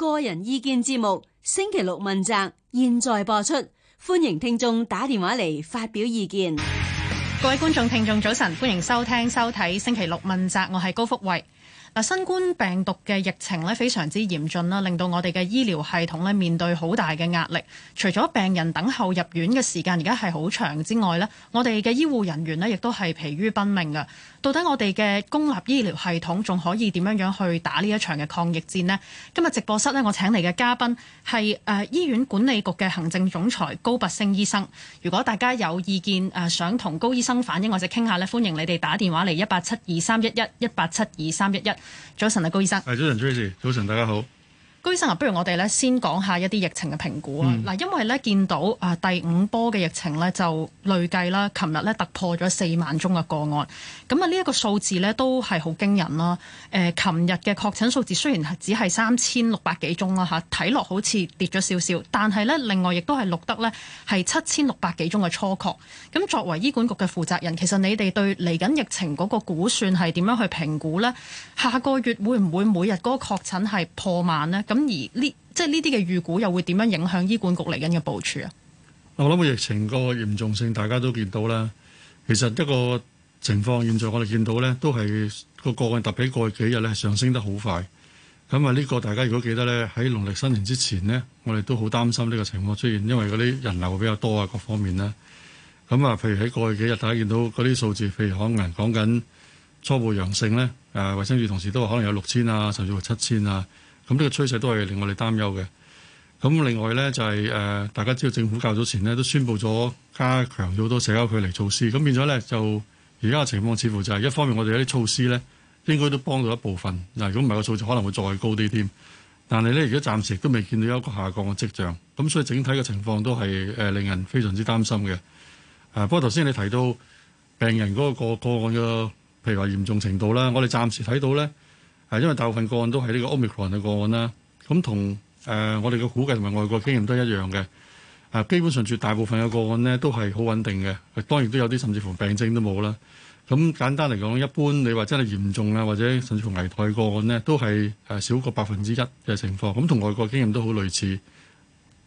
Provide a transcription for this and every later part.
個人意見節目星期六問責，現在播出，歡迎聽眾打電話嚟發表意見。各位觀眾聽眾早晨，歡迎收聽收睇星期六問責，我係高福慧。新冠病毒嘅疫情呢，非常之嚴峻啦，令到我哋嘅醫療系統呢，面對好大嘅壓力。除咗病人等候入院嘅時間而家係好長之外呢，我哋嘅醫護人員呢，亦都係疲於奔命嘅。到底我哋嘅公立醫療系統仲可以點樣樣去打呢一場嘅抗疫戰呢？今日直播室呢，我請嚟嘅嘉賓係、呃、醫院管理局嘅行政總裁高拔陞醫生。如果大家有意見誒、呃，想同高醫生反映，或者傾下呢，歡迎你哋打電話嚟一八七二三一一一八七二三一一。早晨啊，高醫生。係早晨，Tracy。早晨，大家好。高醫生啊，不如我哋咧先講下一啲疫情嘅評估啊。嗱、嗯，因為咧見到啊第五波嘅疫情咧就累計啦，琴日咧突破咗四萬宗嘅個案。咁啊，呢一個數字咧都係好驚人啦。誒，琴日嘅確診數字雖然係只係三千六百幾宗啦嚇，睇落好似跌咗少少，但係咧另外亦都係錄得咧係七千六百幾宗嘅初確。咁作為醫管局嘅負責人，其實你哋對嚟緊疫情嗰個估算係點樣去評估咧？下個月會唔會每日嗰個確診係破萬呢？咁而呢，即係呢啲嘅預估又會點樣影響醫管局嚟緊嘅部署啊？我諗個疫情個嚴重性大家都見到啦。其實一個情況，現在我哋見到咧，都係個個案特別係過去幾日咧上升得好快。咁啊，呢個大家如果記得咧，喺農曆新年之前呢，我哋都好擔心呢個情況出現，因為嗰啲人流會比較多啊，各方面啦。咁啊，譬如喺過去幾日大家見到嗰啲數字，譬如可能講緊初步陽性咧，誒，衞生署同時都話可能有六千啊，甚至乎七千啊。咁呢個趨勢都係令我哋擔憂嘅。咁另外咧就係、誒、大家知道政府較早前呢都宣布咗加強咗好多社交距離措施。咁變咗咧就而家嘅情況似乎就係一方面，我哋有啲措施咧應該都幫到一部分。嗱，如果唔係個數字可能會再高啲添。但係咧，而家暫時都未見到有一個下降嘅跡象。咁所以整體嘅情況都係、呃、令人非常之擔心嘅、啊。不過頭先你提到病人嗰個個案嘅譬如話嚴重程度啦，我哋暫時睇到咧。係因為大部分個案都係呢個 Omicron 嘅個案啦，咁同誒我哋嘅估計同埋外國經驗都一樣嘅。係基本上絕大部分嘅個案呢都係好穩定嘅，當然都有啲甚至乎病徵都冇啦。咁簡單嚟講，一般你話真係嚴重啊，或者甚至乎危殆個案呢都係誒少過百分之一嘅情況。咁同外國經驗都好類似。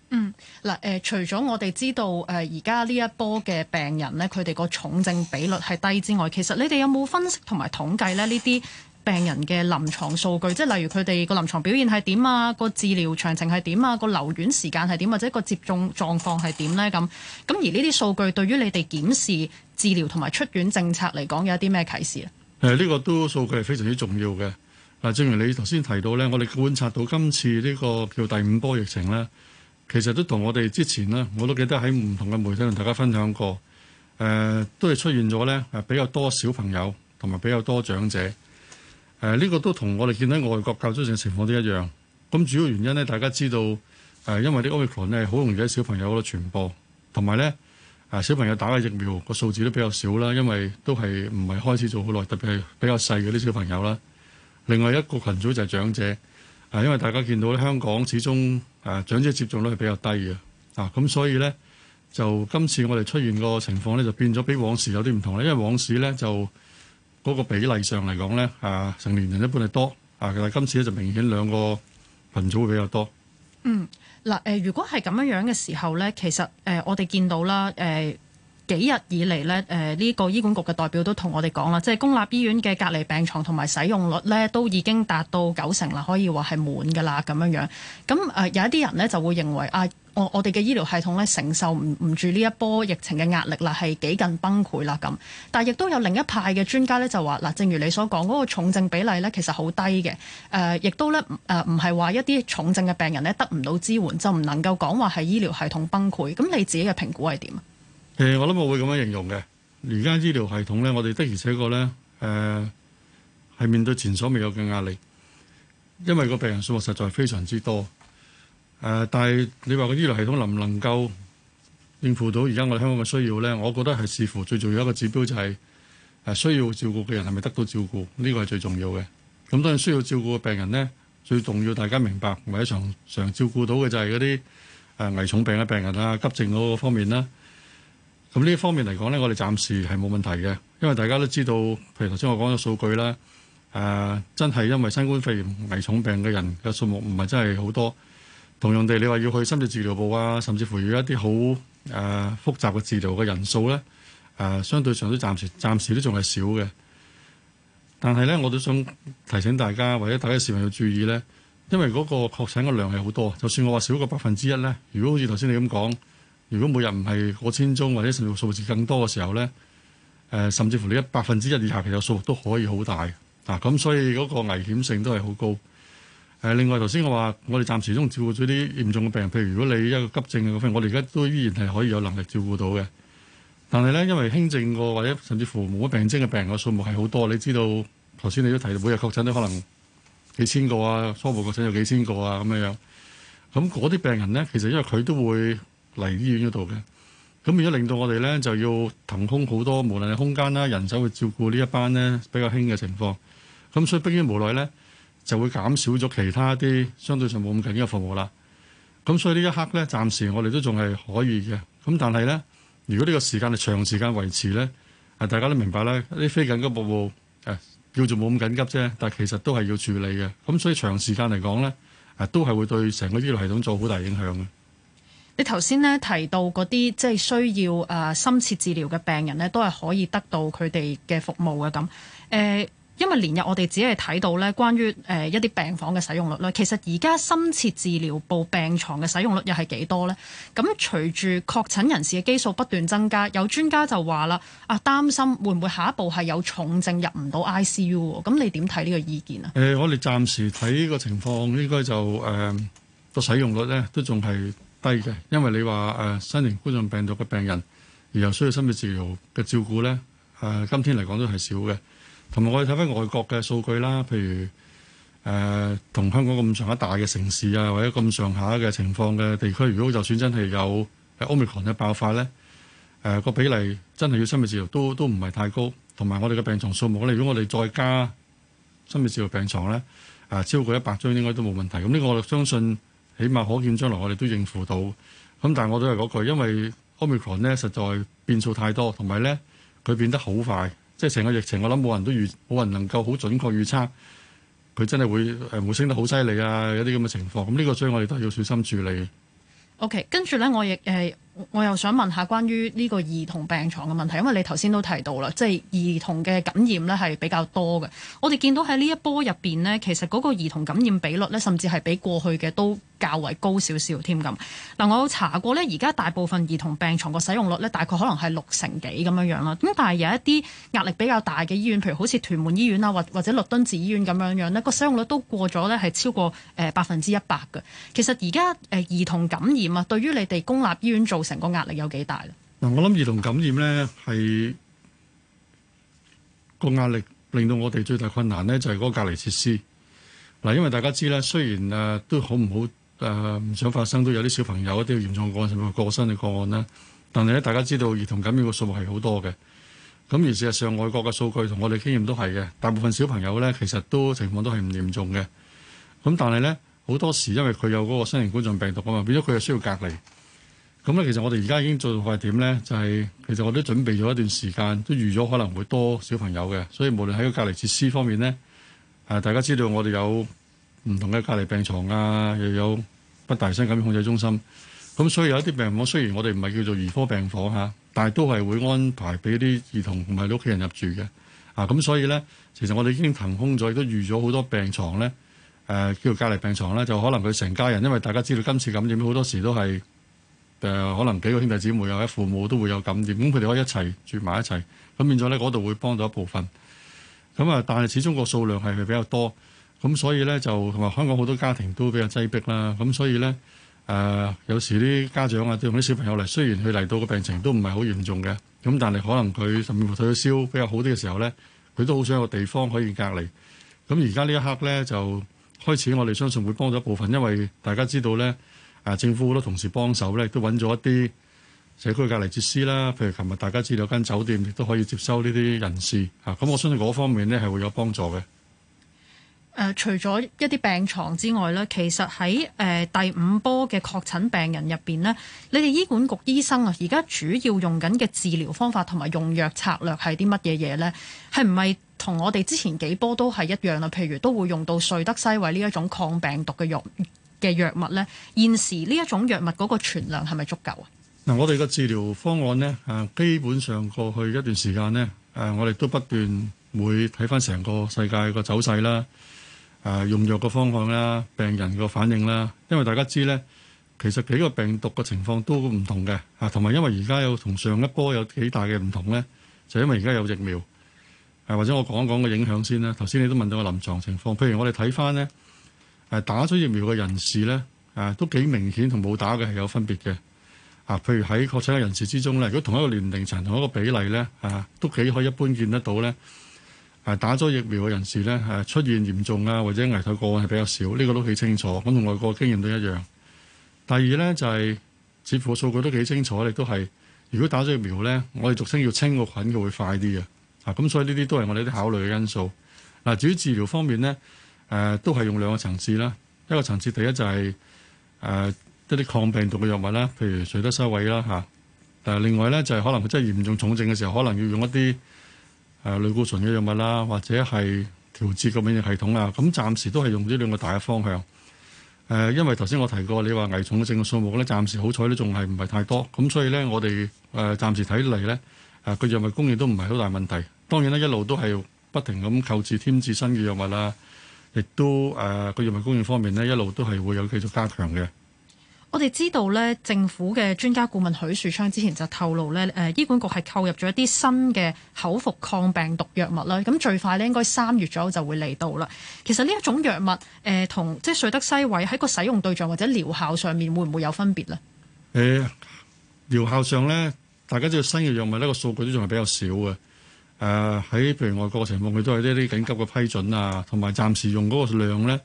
嗯，嗱、呃、誒，除咗我哋知道誒而家呢一波嘅病人呢，佢哋個重症比率係低之外，其實你哋有冇分析同埋統計咧呢啲？病人嘅臨床數據，即係例如佢哋個臨床表現係點啊？個治療詳情係點啊？個留院時間係點，或者個接種狀況係點咧？咁咁而呢啲數據對於你哋檢視治療同埋出院政策嚟講，有啲咩啟示啊？誒，呢個都數據係非常之重要嘅。嗱，正如你頭先提到咧，我哋觀察到今次呢個叫第五波疫情咧，其實都同我哋之前呢，我都記得喺唔同嘅媒體同大家分享過。誒、呃，都係出現咗咧，係比較多小朋友同埋比較多長者。誒呢、啊這個都同我哋見到外國教出嚟嘅情況都一樣。咁主要原因呢，大家知道誒、啊，因為啲 Omicron 咧好容易喺小朋友嗰度傳播，同埋咧誒小朋友打嘅疫苗個數字都比較少啦，因為都係唔係開始做好耐，特別係比較細嗰啲小朋友啦。另外一個群組就係長者，誒、啊，因為大家見到咧，香港始終誒、啊、長者接種率係比較低嘅，啊，咁所以咧就今次我哋出現個情況咧就變咗比往時有啲唔同啦，因為往時咧就。嗰個比例上嚟講咧，啊成年人一般係多，啊但係今次咧就明顯兩個群組會比較多。嗯，嗱、呃，誒如果係咁樣嘅時候咧，其實誒、呃、我哋見到啦，誒、呃。幾日以嚟呢，誒呢個醫管局嘅代表都同我哋講啦，即係公立醫院嘅隔離病床同埋使用率呢，都已經達到九成啦，可以話係滿㗎啦。咁樣樣咁誒，有一啲人呢就會認為啊，我我哋嘅醫療系統呢承受唔唔住呢一波疫情嘅壓力啦，係幾近崩潰啦咁。但係亦都有另一派嘅專家呢，就話嗱，正如你所講嗰個重症比例呢，其實好低嘅，亦都呢唔係話一啲重症嘅病人呢得唔到支援就唔能夠講話係醫療系統崩潰。咁你自己嘅評估係點啊？誒，我諗我會咁樣形容嘅。而家醫療系統咧，我哋的而且確咧，誒、呃、係面對前所未有嘅壓力，因為個病人數目實在非常之多。誒、呃，但係你話個醫療系統能唔能夠應付到而家我哋香港嘅需要咧？我覺得係視乎最重要一個指標就係誒需要照顧嘅人係咪得到照顧？呢個係最重要嘅。咁當然需要照顧嘅病人咧，最重要大家明白，唔係喺常常照顧到嘅就係嗰啲誒危重病嘅病人啊、急症嗰個方面啦、啊。咁呢一方面嚟講咧，我哋暫時係冇問題嘅，因為大家都知道，譬如頭先我講咗數據啦、呃，真係因為新冠肺炎危重病嘅人嘅數目唔係真係好多，同樣地你話要去深切治療部啊，甚至乎要一啲好、呃、複雜嘅治療嘅人數咧、呃，相對上都暫時，暫時都仲係少嘅。但係咧，我都想提醒大家，或者大家市民要注意咧，因為嗰個確診嘅量係好多，就算我話少個百分之一咧，如果好似頭先你咁講。如果每日唔係過千宗，或者甚至數字更多嘅時候咧，誒、呃，甚至乎你一百分之一以下其實數目都可以好大嗱。咁、啊、所以嗰個危險性都係好高。誒、呃，另外頭先我話，我哋暫時都照顧咗啲嚴重嘅病人，譬如如果你一個急症嘅嗰份，我哋而家都依然係可以有能力照顧到嘅。但係咧，因為輕症過或者甚至乎冇乜病徵嘅病人嘅數目係好多，你知道頭先你都提到每日確診都可能幾千個啊，初步確診有幾千個啊，咁樣樣咁嗰啲病人咧，其實因為佢都會嚟醫院嗰度嘅，咁而家令到我哋咧就要騰空好多，無論係空間啦、人手去照顧呢一班咧比較輕嘅情況，咁所以迫於無奈咧就會減少咗其他啲相對上冇咁緊急嘅服務啦。咁所以呢一刻咧，暫時我哋都仲係可以嘅。咁但係咧，如果呢個時間係長時間維持咧，啊大家都明白啦，啲非緊急服務誒叫做冇咁緊急啫，但其實都係要處理嘅。咁所以長時間嚟講咧，啊都係會對成個醫療系統做好大影響嘅。你頭先咧提到嗰啲即係需要誒深切治療嘅病人呢都係可以得到佢哋嘅服務嘅咁誒。因為連日我哋只係睇到咧關於誒一啲病房嘅使用率啦，其實而家深切治療部病床嘅使用率又係幾多咧？咁隨住確診人士嘅基數不斷增加，有專家就話啦啊，擔心會唔會下一步係有重症入唔到 ICU？咁你點睇呢個意見啊？誒、呃，我哋暫時睇個情況應該就誒個、呃、使用率咧都仲係。低嘅，因為你話誒、啊、新型冠狀病毒嘅病人而又需要深切治療嘅照顧咧，誒、啊，今天嚟講都係少嘅。同埋我哋睇返外國嘅數據啦，譬如誒同、啊、香港咁上下大嘅城市啊，或者咁上下嘅情況嘅地區，如果就算真係有 Omicron 嘅爆發咧，誒、啊、個比例真係要深切治療都都唔係太高。同埋我哋嘅病床數目咧，如果我哋再加深切治療病床咧，誒、啊、超過一百張應該都冇問題。咁呢個我相信。起碼可見將來我哋都應付到，咁但係我都係嗰句，因為 Omicron 咧實在變數太多，同埋咧佢變得好快，即係成個疫情我諗冇人都預，冇人能夠好準確預測佢真係會誒會升得好犀利啊！有啲咁嘅情況，咁呢個所以我哋都係要小心處理。O.K. 跟住咧，我亦係。呃我又想問下關於呢個兒童病床嘅問題，因為你頭先都提到啦，即係兒童嘅感染咧係比較多嘅。我哋見到喺呢一波入邊呢，其實嗰個兒童感染比率呢，甚至係比過去嘅都較為高少少添咁。嗱，我有查過呢，而家大部分兒童病床個使用率呢，大概可能係六成幾咁樣樣啦。咁但係有一啲壓力比較大嘅醫院，譬如好似屯門醫院啊，或或者律敦治醫院咁樣樣呢，個使用率都過咗呢係超過誒百分之一百嘅。其實而家誒兒童感染啊，對於你哋公立醫院做成個壓力有幾大咧？嗱，我諗兒童感染咧係個壓力，令到我哋最大困難咧就係嗰個隔離設施。嗱，因為大家知啦，雖然誒都好唔好誒，唔想發生，都有啲小朋友一啲嚴重的個案，甚至過身嘅個案啦。但係咧，大家知道兒童感染嘅數目係好多嘅。咁而事實上，外國嘅數據同我哋經驗都係嘅，大部分小朋友咧其實都情況都係唔嚴重嘅。咁但係咧，好多時因為佢有嗰個新型冠狀病毒啊嘛，變咗佢係需要隔離。咁咧，其實我哋而家已經做到係點咧？就係、是、其實我都準備咗一段時間，都預咗可能會多小朋友嘅，所以無論喺個隔離設施方面咧、啊，大家知道我哋有唔同嘅隔離病床啊，又有北大嶼山感染控制中心。咁所以有一啲病房雖然我哋唔係叫做兒科病房呀、啊，但係都係會安排俾啲兒童同埋啲屋企人入住嘅啊。咁所以咧，其實我哋已經騰空咗，亦都預咗好多病床咧，誒、啊、叫隔離病床咧，就可能佢成家人，因為大家知道今次感染好多時都係。誒可能幾個兄弟姊妹或者父母都會有感染，咁佢哋可以一齊住埋一齊，咁變咗咧嗰度會幫到一部分。咁啊，但係始終個數量係係比較多，咁所以咧就同埋香港好多家庭都比較擠迫啦。咁所以咧誒、呃，有時啲家長啊，對啲小朋友嚟，雖然佢嚟到個病情都唔係好嚴重嘅，咁但係可能佢甚至乎退咗燒比較好啲嘅時候咧，佢都好想有個地方可以隔離。咁而家呢一刻咧就開始，我哋相信會幫到一部分，因為大家知道咧。啊！政府好多同事幫手咧，都揾咗一啲社區隔離設施啦。譬如琴日大家知道間酒店亦都可以接收呢啲人士嚇，咁我相信嗰方面咧係會有幫助嘅。誒、呃，除咗一啲病床之外呢，其實喺誒、呃、第五波嘅確診病人入邊呢，你哋醫管局醫生啊，而家主要用緊嘅治療方法同埋用藥策略係啲乜嘢嘢呢？係唔係同我哋之前幾波都係一樣啦？譬如都會用到瑞德西韋呢一種抗病毒嘅藥。嘅藥物咧，現時呢一種藥物嗰個存量係咪足夠啊？嗱，我哋個治療方案咧，啊，基本上過去一段時間咧，啊，我哋都不斷會睇翻成個世界個走勢啦，啊，用藥個方向啦，病人個反應啦。因為大家知咧，其實幾個病毒嘅情況都唔同嘅，啊，同埋因為而家有同上一波有幾大嘅唔同咧，就因為而家有疫苗，啊，或者我講一講個影響先啦。頭先你都問到個臨床情況，譬如我哋睇翻咧。誒打咗疫苗嘅人士咧，誒、啊、都幾明顯同冇打嘅係有分別嘅。啊，譬如喺確診嘅人士之中咧，如果同一個年齡層同一個比例咧，啊，都幾可以一般見得到咧。誒、啊、打咗疫苗嘅人士咧，誒、啊、出現嚴重啊或者危殆個案係比較少，呢、這個都幾清楚。咁同外國經驗都一樣。第二咧就係、是，似乎數據都幾清楚，亦都係，如果打咗疫苗咧，我哋俗稱要清個菌佢會快啲嘅。啊，咁所以呢啲都係我哋啲考慮嘅因素。嗱、啊，至於治療方面咧。誒、呃、都係用兩個層次啦，一個層次第一就係、是、誒、呃、一啲抗病毒嘅藥物啦，譬如瑞德西韋啦嚇。誒、啊、另外咧就係、是、可能佢真係嚴重重症嘅時候，可能要用一啲誒、呃、類固醇嘅藥物啦，或者係調節個免疫系統啊。咁暫時都係用呢兩個大嘅方向。誒、啊，因為頭先我提過，你話危重嘅症嘅數目咧，暫時好彩都仲係唔係太多咁，所以咧我哋誒、呃、暫時睇嚟咧，誒、啊、個藥物供應都唔係好大問題。當然咧一路都係不停咁購置添置新嘅藥物啦。啊。亦都誒個、呃、藥物供應方面呢，一路都係會有繼續加強嘅。我哋知道呢，政府嘅專家顧問許樹昌之前就透露呢誒、呃、醫管局係購入咗一啲新嘅口服抗病毒藥物啦。咁最快呢，應該三月左右就會嚟到啦。其實呢一種藥物誒，同、呃、即係瑞德西韋喺個使用對象或者療效上面會唔會有分別呢？誒、欸、療效上呢，大家知道新嘅藥物呢個數據都仲係比較少嘅。誒喺、呃、譬如外國嘅情況，佢都係啲啲緊急嘅批准啊，同埋暫時用嗰個量咧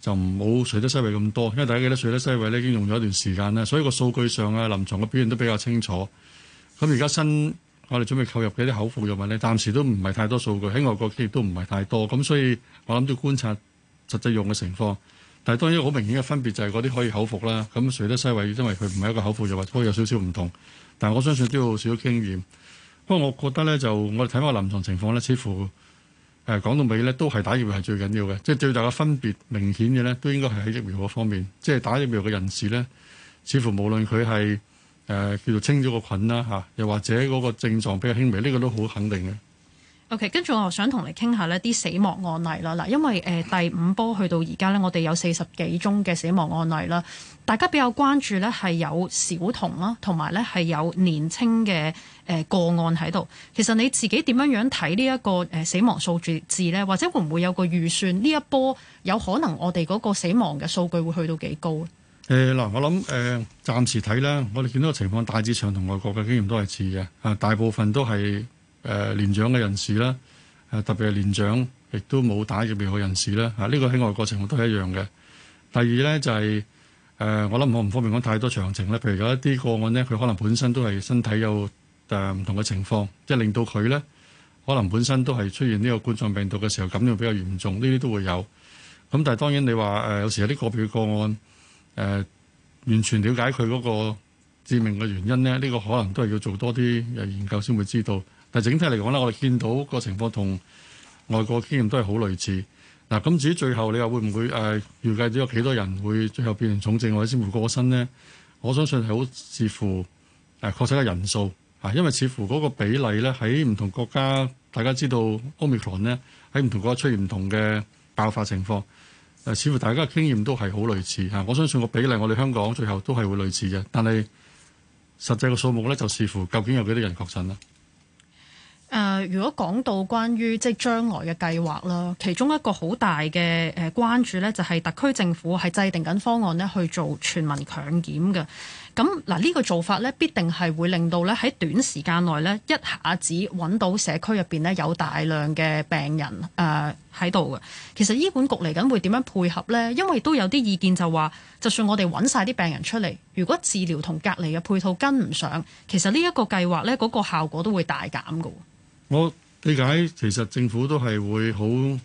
就唔好瑞德西維咁多，因為大家記得瑞德西維咧已經用咗一段時間啦，所以個數據上啊，臨床嘅表現都比較清楚。咁而家新我哋準備購入嘅一啲口服藥物咧，暫時都唔係太多數據，喺外國企業都唔係太多，咁所以我諗都要觀察實際用嘅情況。但係當然好明顯嘅分別就係嗰啲可以口服啦，咁瑞德西維因為佢唔係一個口服藥物，都有少少唔同，但我相信都有少少經驗。不過我覺得咧，就我哋睇翻個臨床情況咧，似乎誒、呃、講到尾咧，都係打疫苗係最緊要嘅。即係最大嘅分別明顯嘅咧，都應該係喺疫苗嗰方面。即係打疫苗嘅人士咧，似乎無論佢係誒叫做清咗個菌啦、啊、又或者嗰個症狀比較輕微，呢、這個都好肯定嘅。OK，跟住我想同你傾下呢啲死亡案例啦。嗱，因為第五波去到而家呢，我哋有四十幾宗嘅死亡案例啦。大家比較關注呢係有小童啦，同埋呢係有年青嘅誒個案喺度。其實你自己點樣樣睇呢一個死亡數字呢？或者會唔會有個預算呢一波有可能我哋嗰個死亡嘅數據會去到幾高？誒嗱、呃，我諗誒、呃、暫時睇呢，我哋見到個情況大致上同外國嘅經驗都係似嘅。啊，大部分都係。誒、呃、年長嘅人士啦，誒、呃、特別係年長，亦都冇打疫苗嘅人士啦。嚇、啊、呢、這個喺外國情況都係一樣嘅。第二咧就係、是、誒、呃，我諗我唔方便講太多詳情咧。譬如有一啲個案咧，佢可能本身都係身體有誒唔、呃、同嘅情況，即係令到佢咧可能本身都係出現呢個冠狀病毒嘅時候感染比較嚴重，呢啲都會有。咁但係當然你話誒、呃，有時有啲個別個案誒、呃，完全了解佢嗰個致命嘅原因咧，呢、這個可能都係要做多啲誒研究先會知道。整體嚟講咧，我哋見到個情況同外國經驗都係好類似嗱。咁至於最後你話會唔會誒、呃、預計到有幾多人會最後變成重症或者先會過身呢？我相信係好視乎誒確診嘅人數、啊，因為似乎嗰個比例咧喺唔同國家，大家知道 Omicron 呢，喺唔同國家出現唔同嘅爆發情況誒、啊，似乎大家嘅經驗都係好類似吓、啊。我相信個比例我哋香港最後都係會類似嘅，但係實際嘅數目咧就視乎究竟有幾多人確診啦。誒、呃，如果講到關於即係將來嘅計劃啦，其中一個好大嘅誒關注呢，就係特區政府係制定緊方案呢去做全民強檢嘅。咁嗱，呢、呢個做法呢，必定係會令到呢喺短時間內呢，一下子揾到社區入邊呢有大量嘅病人誒喺度嘅。其實醫管局嚟緊會點樣配合呢？因為都有啲意見就話，就算我哋揾晒啲病人出嚟，如果治療同隔離嘅配套跟唔上，其實呢一個計劃呢，嗰個效果都會大減嘅。我理解，其實政府都係會好詳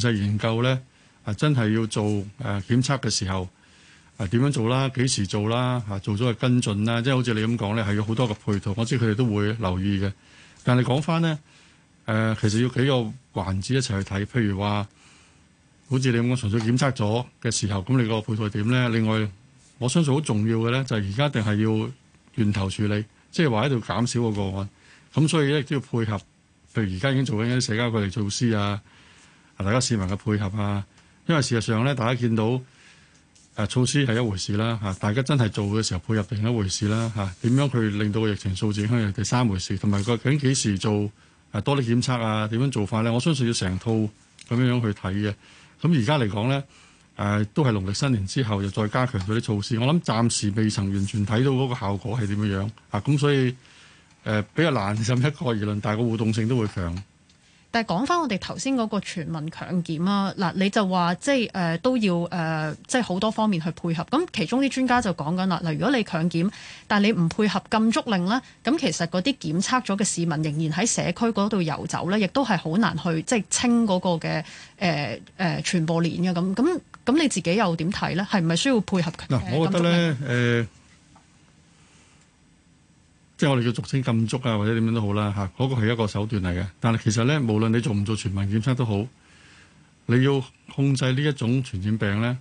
細研究咧，啊，真係要做誒檢測嘅時候，啊點樣做啦？幾時做啦？做咗嘅跟進啦，即係好似你咁講咧，係有好多嘅配套，我知佢哋都會留意嘅。但係講翻咧，誒其實要幾個環節一齊去睇，譬如話，好似你咁講，純粹檢測咗嘅時候，咁你個配套係點咧？另外，我相信好重要嘅咧，就係而家一定係要源頭處理，即係話喺度減少個個案。咁所以咧都要配合，譬如而家已經做緊一啲社交距離措施啊，啊大家市民嘅配合啊，因為事實上咧，大家見到誒、啊、措施係一回事啦，嚇、啊，大家真係做嘅時候配合定另一回事啦，嚇、啊，點樣去令到疫情數字係第三回事，同埋究竟幾時做誒、啊、多啲檢測啊？點樣做法咧？我相信要成套咁樣樣去睇嘅。咁而家嚟講咧，誒、啊、都係農曆新年之後又再加強咗啲措施，我諗暫時未曾完全睇到嗰個效果係點樣樣啊，咁所以。誒，比較難審一個而論，但係個互動性都會強。但係講翻我哋頭先嗰個全民強檢啦，嗱你就話即係誒、呃、都要誒、呃、即係好多方面去配合。咁其中啲專家就講緊啦，例如如果你強檢，但係你唔配合禁足令呢，咁其實嗰啲檢測咗嘅市民仍然喺社區嗰度遊走咧，亦都係好難去即係清嗰個嘅誒誒傳播鏈嘅咁。咁咁你自己又點睇咧？係咪需要配合嘅？嗱，我覺得咧誒。呃即係我哋叫俗稱禁足啊，或者點樣都好啦嚇，嗰個係一個手段嚟嘅。但係其實咧，無論你做唔做全民檢測都好，你要控制呢一種傳染病咧，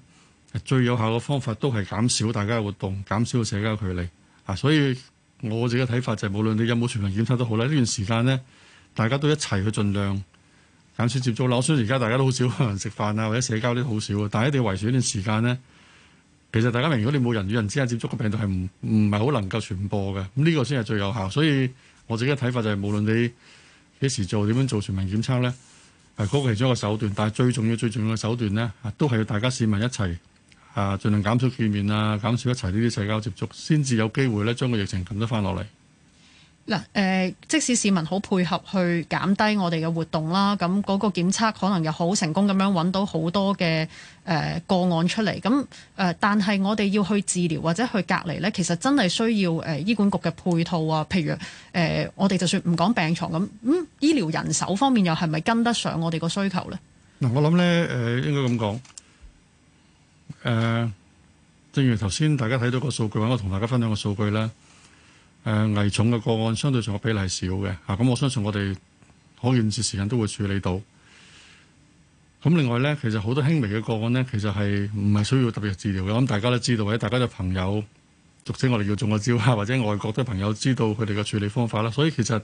最有效嘅方法都係減少大家嘅活動，減少社交距離、啊、所以我自己嘅睇法就係、是，無論你有冇全民檢測都好啦，呢段時間咧，大家都一齊去盡量減少接觸，雖然而家大家都好少可能食飯啊，或者社交都好少啊。但一定要維持呢段時間咧。其實大家明，如果你冇人與人之間接觸，個病毒係唔唔係好能夠傳播嘅。咁呢個先係最有效。所以我自己嘅睇法就係，無論你幾時做、點樣做全民檢測咧，係嗰個其中一個手段。但係最重要、最重要嘅手段咧，都係要大家市民一齊啊，盡量減少見面啊，減少一齊呢啲社交接觸，先至有機會咧將個疫情撳得翻落嚟。嗱，誒，即使市民好配合去減低我哋嘅活動啦，咁嗰個檢測可能又好成功咁樣揾到好多嘅誒個案出嚟，咁誒，但係我哋要去治療或者去隔離呢，其實真係需要誒醫管局嘅配套啊，譬如誒，我哋就算唔講病床咁，嗯，醫療人手方面又係咪跟得上我哋個需求呢？嗱，我諗呢，誒，應該咁講，呃，正如頭先大家睇到個數據，我同大家分享個數據呢。誒危重嘅個案相對上個比例係少嘅嚇，咁、啊、我相信我哋可見時時間都會處理到。咁另外咧，其實好多輕微嘅個案咧，其實係唔係需要特別治療嘅。咁大家都知道，或者大家嘅朋友，俗稱我哋要中個招嚇，或者外國啲朋友知道佢哋嘅處理方法啦。所以其實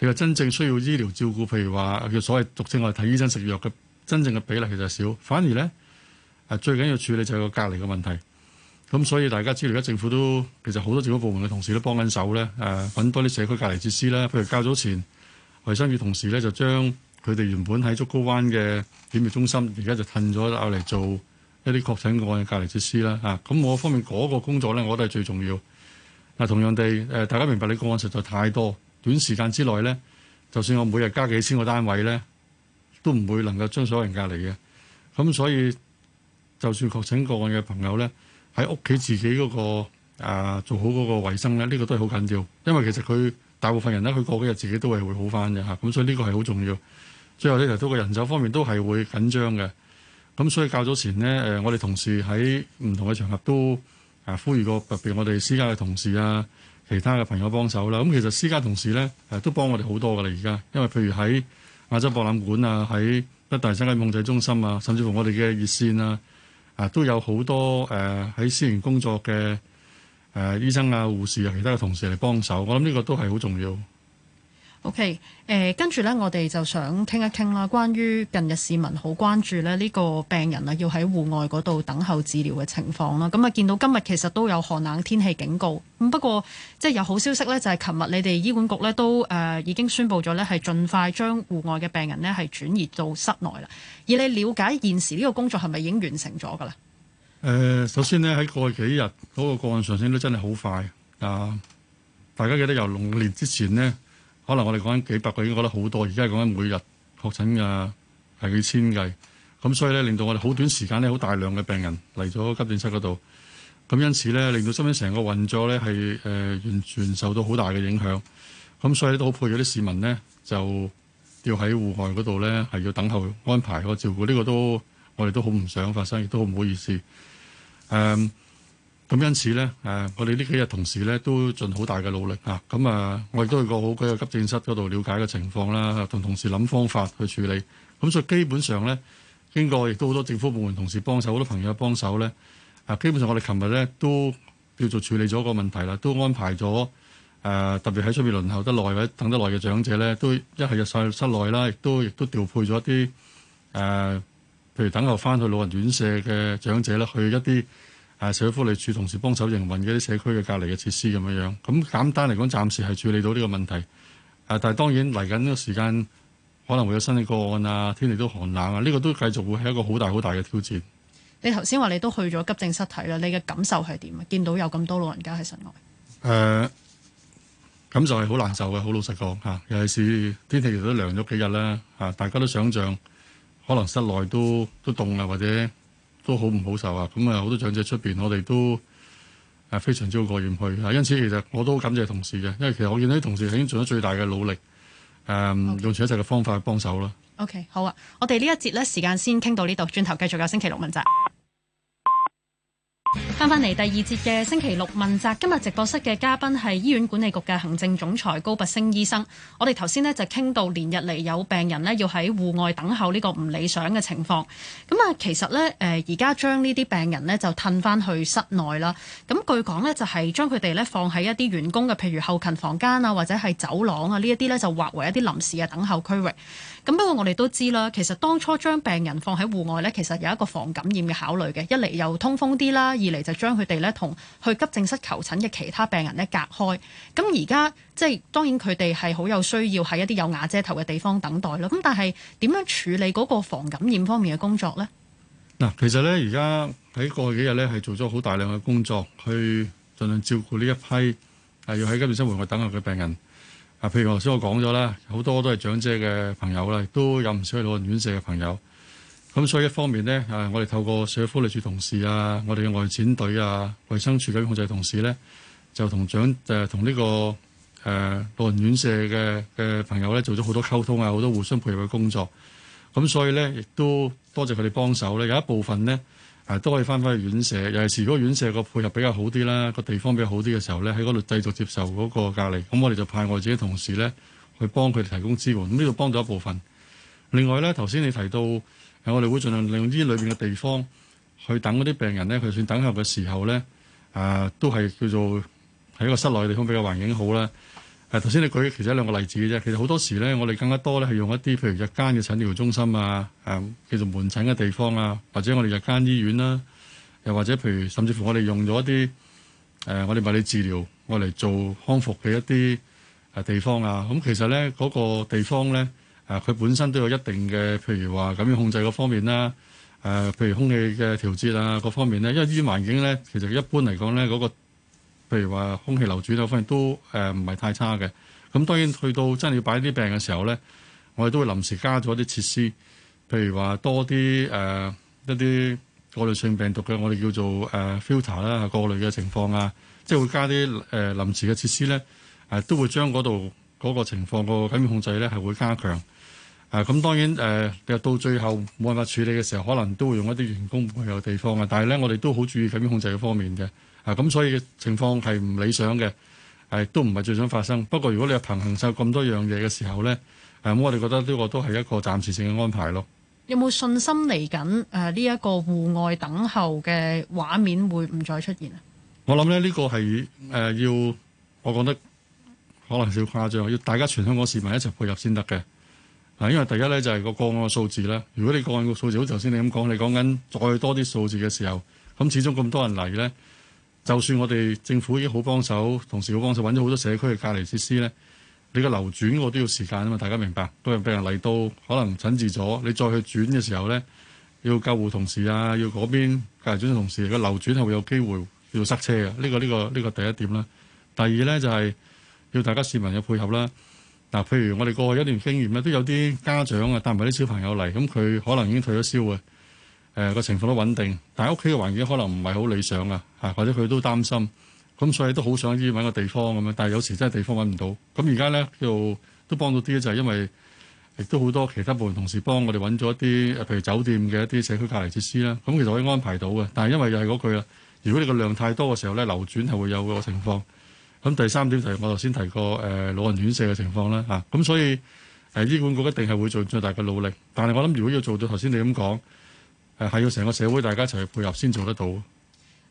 你話真正需要醫療照顧，譬如話叫所謂俗稱我哋睇醫生食藥嘅真正嘅比例其實係少，反而咧誒、啊、最緊要處理就係個隔離嘅問題。咁所以大家知道，而家政府都其實好多政府部門嘅同事都幫緊手咧。誒、啊，揾多啲社區隔離設施啦。譬如較早前，衞生署同事咧就將佢哋原本喺竹篙灣嘅檢疫中心，而家就褪咗，攞嚟做一啲確診個案嘅隔離設施啦。咁、啊、我方面嗰個工作咧，我覺得係最重要。嗱，同樣地、啊，大家明白，啲個案實在太多，短時間之內咧，就算我每日加幾千個單位咧，都唔會能夠將所有人隔離嘅。咁所以，就算確診個案嘅朋友咧，喺屋企自己嗰、那個啊，做好嗰個衞生咧，呢、這個都係好緊要。因為其實佢大部分人咧，佢過幾日自己都係會好翻嘅嚇，咁、啊、所以呢個係好重要的。最後咧，都個人手方面都係會緊張嘅，咁、啊、所以較早前呢，誒、啊、我哋同事喺唔同嘅場合都啊呼籲過，特別我哋私家嘅同事啊，其他嘅朋友幫手啦。咁、啊、其實私家同事咧，誒、啊、都幫我哋好多嘅啦，而家因為譬如喺亞洲博物館啊，喺北大嶼山感染控制中心啊，甚至乎我哋嘅熱線啊。啊，都有好多誒喺私人工作嘅誒醫生啊、護士啊、其他嘅同事嚟幫手，我諗呢個都係好重要。OK，誒、呃，跟住呢，我哋就想傾一傾啦，關於近日市民好關注咧呢、這個病人啊，要喺戶外嗰度等候治療嘅情況啦。咁、嗯、啊，見到今日其實都有寒冷天氣警告咁、嗯，不過即係有好消息呢，就係琴日你哋醫管局咧都誒、呃、已經宣布咗呢係盡快將戶外嘅病人呢係轉移到室內啦。而你了解現時呢個工作係咪已經完成咗㗎喇？誒、呃，首先呢，喺過去幾日嗰、那個個案上升都真係好快啊、呃！大家記得由龍年之前呢。可能我哋講緊幾百個已經覺得好多，而家講緊每日確診嘅係幾千計，咁所以咧令到我哋好短時間咧好大量嘅病人嚟咗急症室嗰度，咁因此咧令到身邊成個運作咧係、呃、完全受到好大嘅影響，咁所以都好佩服啲市民咧，就要喺戶外嗰度咧係要等候安排個照顧，呢、這個都我哋都好唔想發生，亦都好唔好意思。嗯咁因此咧，誒我哋呢幾日同事咧都盡好大嘅努力啊！咁啊，我亦都去過好幾個急症室嗰度了解嘅情況啦、啊，同同事諗方法去處理。咁、啊、所以基本上咧，經過亦都好多政府部門同事幫手，好多朋友幫手咧。啊，基本上我哋琴日咧都叫做處理咗個問題啦，都安排咗誒、啊，特別喺出面輪候得耐或者等得耐嘅長者咧，都一係入曬入室內啦，亦都亦都調配咗一啲誒、啊，譬如等候翻去老人院舍嘅長者咧，去一啲。啊！社會福利署同時幫手營運嗰啲社區嘅隔離嘅設施咁樣樣，咁簡單嚟講，暫時係處理到呢個問題。啊！但係當然嚟緊呢個時間可能會有新嘅個案啊，天氣都寒冷啊，呢、這個都繼續會係一個好大好大嘅挑戰。你頭先話你都去咗急症室睇啦，你嘅感受係點啊？見到有咁多老人家喺室外，誒、呃，咁就係好難受嘅。好老實講嚇，尤其是天氣其實都涼咗幾日啦嚇，大家都想象可能室內都都凍啊，或者。都好唔好受啊！咁啊，好多長者出邊，我哋都係非常之過意唔去。啊，因此其實我都好感謝同事嘅，因為其實我見到啲同事已經盡咗最大嘅努力，誒 Okay. 用全一切嘅方法去幫手啦。OK，好啊，我哋呢一節咧時間先傾到呢度，轉頭繼續有星期六問責。翻翻嚟第二節嘅星期六問責，今日直播室嘅嘉賓係醫院管理局嘅行政總裁高拔陞醫生。我哋頭先呢就傾到連日嚟有病人呢要喺戶外等候呢個唔理想嘅情況，咁啊，其實呢，誒而家將呢啲病人呢就褪翻去室內啦。咁據講呢，就係將佢哋呢放喺一啲員工嘅譬如後勤房間啊或者係走廊啊呢一啲呢，就劃為一啲臨時嘅等候區域。咁不過我哋都知啦，其實當初將病人放喺戶外呢，其實有一個防感染嘅考慮嘅，一嚟又通風啲啦，二嚟就將佢哋呢同去急症室求診嘅其他病人呢隔開。咁而家即係當然佢哋係好有需要喺一啲有瓦遮頭嘅地方等待咯。咁但係點樣處理嗰個防感染方面嘅工作呢？嗱，其實呢，而家喺過去幾日呢，係做咗好大量嘅工作，去盡量照顧呢一批係、呃、要喺急症室戶外等候嘅病人。譬如頭先我講咗啦，好多都係長者嘅朋友啦，亦都有唔少係老人院舍嘅朋友。咁所以一方面咧，誒，我哋透過社福利署同事啊，我哋嘅外展隊啊，衛生署嘅控制同事咧，就同長誒同呢個誒、呃、老人院舍嘅嘅朋友咧，做咗好多溝通啊，好多互相配合嘅工作。咁所以咧，亦都多謝佢哋幫手咧，有一部分咧。誒、啊、都可以翻返去院舍，尤其是如果院舍個配合比較好啲啦，個地方比較好啲嘅時候咧，喺嗰度繼續接受嗰個隔離，咁我哋就派我自己同事咧去幫佢哋提供支援。咁呢度幫咗一部分。另外咧，頭先你提到我哋會盡量利用醫院裏面嘅地方去等嗰啲病人咧，就算等候嘅時候咧，誒、啊、都係叫做喺一個室內嘅地方，比較環境好啦。誒，頭先、啊、你舉其實兩個例子嘅啫。其實好多時咧，我哋更加多咧係用一啲譬如日間嘅診療中心啊，誒、啊、叫做門診嘅地方啊，或者我哋日間醫院啦、啊，又或者譬如甚至乎我哋用咗一啲誒、啊，我哋物理治療，我嚟做康復嘅一啲地方啊。咁、啊、其實咧嗰、那個地方咧誒，佢、啊、本身都有一定嘅，譬如話感染控制嗰方面啦、啊啊，譬如空氣嘅調節啊，各方面咧，因為醫院環境咧，其實一般嚟講咧嗰個。譬如話空氣流轉啊，反正都誒唔係太差嘅。咁當然去到真係要擺啲病嘅時候咧，我哋都會臨時加咗啲設施，譬如話多啲誒一啲過濾性病毒嘅，我哋叫做誒、呃、filter 啦，過濾嘅情況啊，即係會加啲誒、呃、臨時嘅設施咧，誒、呃、都會將嗰度嗰個情況、嗰個感染控制咧係會加強。誒、呃、咁當然誒、呃，到最後冇辦法處理嘅時候，可能都會用一啲員工唔會有嘅地方啊。但係咧，我哋都好注意感染控制嘅方面嘅。啊！咁所以嘅情況係唔理想嘅，係、啊、都唔係最想發生。不過，如果你係平衡曬咁多樣嘢嘅時候咧，誒、啊啊，我哋覺得呢個都係一個暫時性嘅安排咯。有冇信心嚟緊誒？呢、啊、一、這個戶外等候嘅畫面會唔再出現啊、這個呃？我諗咧，呢個係誒要我講得可能少誇張，要大家全香港市民一齊配合先得嘅。嗱、啊，因為第一咧就係、是、個個案嘅數字啦。如果你個案嘅數字，好頭先你咁講，你講緊再多啲數字嘅時候，咁始終咁多人嚟咧。就算我哋政府已經好幫手，同事好幫手，揾咗好多社區嘅隔離設施咧，你個流轉我都要時間啊嘛！大家明白，病人病人嚟到，可能診治咗，你再去轉嘅時候咧，要救護同事啊，要嗰邊隔離轉嘅同事，個流轉係會有機會要塞車嘅。呢個呢個呢個第一點啦。第二咧就係要大家市民嘅配合啦。嗱，啊，譬如我哋過去一段經驗咧，都有啲家長啊帶埋啲小朋友嚟，咁佢可能已經退咗燒嘅。誒個情況都穩定，但係屋企嘅環境可能唔係好理想啊，或者佢都擔心咁，所以都好想醫院揾個地方咁樣。但係有時真係地方揾唔到咁，而家咧就都幫到啲，就係因為亦都好多其他部門同事幫我哋揾咗一啲，譬如酒店嘅一啲社區隔離設施啦。咁其實可以安排到嘅，但係因為又係嗰句啦，如果你個量太多嘅時候咧，流轉係會有個情況。咁第三點就係我頭先提過誒老人院舍嘅情況啦嚇。咁所以誒醫管局一定係會做最大嘅努力，但係我諗如果要做到頭先你咁講。誒係要成個社會大家一齊去配合先做得到。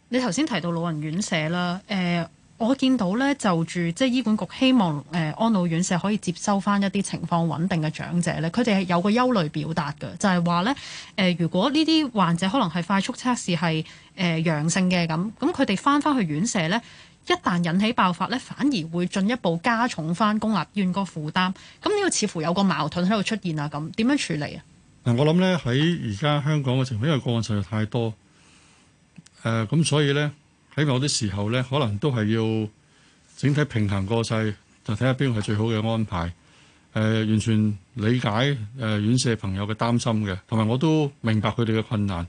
你頭先提到老人院舍啦，誒、呃，我見到咧就住即係醫管局希望誒、呃、安老院舍可以接收翻一啲情況穩定嘅長者咧，佢哋係有個憂慮表達嘅，就係話咧誒，如果呢啲患者可能係快速測試係誒、呃、陽性嘅咁，咁佢哋翻翻去院舍咧，一旦引起爆發咧，反而會進一步加重翻公立醫院個負擔，咁呢個似乎有個矛盾喺度出現啊，咁點樣處理啊？嗱，我諗咧喺而家香港嘅情況，因為個案實在太多，誒、呃、咁所以咧喺某啲時候咧，可能都係要整體平衡個勢，就睇下邊個係最好嘅安排。誒、呃，完全理解誒、呃、院舍朋友嘅擔心嘅，同埋我都明白佢哋嘅困難。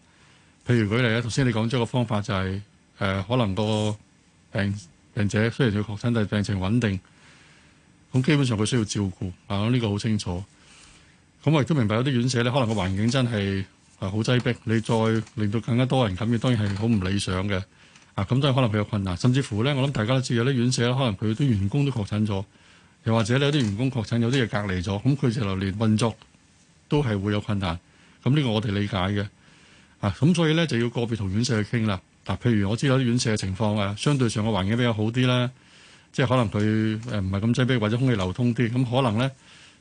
譬如舉例咧，頭先你講咗一個方法就係、是、誒、呃，可能個病病者雖然佢確診，但係病情穩定，咁基本上佢需要照顧，啊，呢、這個好清楚。咁我亦都明白有啲院舍咧，可能個環境真係好擠迫，你再令到更加多人感染，當然係好唔理想嘅。啊，咁都係可能佢有困難，甚至乎咧，我諗大家都知有啲院舍可能佢啲員工都確診咗，又或者有啲員工確診，有啲嘢隔離咗，咁佢就連運作都係會有困難。咁呢個我哋理解嘅。啊，咁所以咧就要個別同院舍去傾啦。嗱，譬如我知道啲院舍嘅情況啊，相對上個環境比較好啲啦，即係可能佢唔係咁擠迫，或者空氣流通啲，咁可能咧。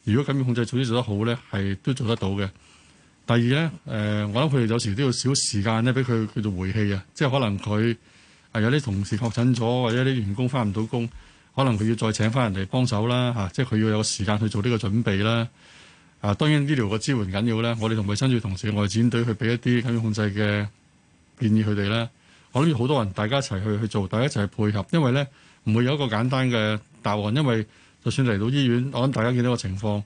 如果感染控制措施做得好咧，係都做得到嘅。第二咧、呃，我諗佢哋有時都要少時間咧，俾佢叫做回氣啊，即係可能佢有啲同事確診咗，或者啲員工翻唔到工，可能佢要再請翻人哋幫手啦，吓，即係佢要有時間去做呢個準備啦。啊，當然醫療嘅支援緊要咧，我哋同衞生署同事、外展隊去俾一啲感染控制嘅建議佢哋咧。我諗要好多人大家一齊去去做，大家一齊配合，因為咧唔會有一個簡單嘅答案，因為就算嚟到醫院，我諗大家見到個情況，